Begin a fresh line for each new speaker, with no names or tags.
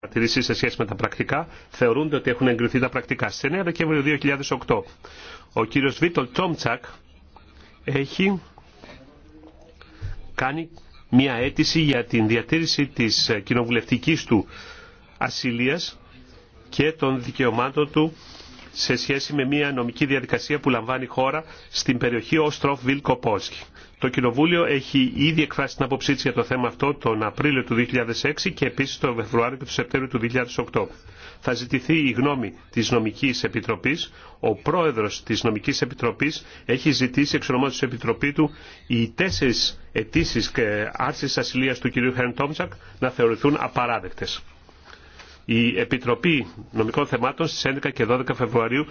παρατηρήσει σε σχέση με τα πρακτικά θεωρούνται ότι έχουν εγκριθεί τα πρακτικά. Στι 9 Δεκεμβρίου 2008 ο κύριος Βίτολ Τσόμτσακ έχει κάνει μια αίτηση για την διατήρηση της κοινοβουλευτικής του ασυλίας και των δικαιωμάτων του σε σχέση με μια νομική διαδικασία που λαμβάνει η χώρα στην περιοχή Οστροφ Κοπόσκι. Το Κοινοβούλιο έχει ήδη εκφράσει την άποψή τη για το θέμα αυτό τον Απρίλιο του 2006 και επίση τον Φεβρουάριο και τον Σεπτέμβριο του 2008. Θα ζητηθεί η γνώμη τη Νομική επιτροπής. Ο πρόεδρο τη Νομική επιτροπής έχει ζητήσει εξ ονομάτων τη Επιτροπή του οι τέσσερι αιτήσει ε, άρση ασυλία του κ. Χέρν Τόμτσακ να θεωρηθούν απαράδεκτε η Επιτροπή Νομικών Θεμάτων στις 11 και 12 Φεβρουαρίου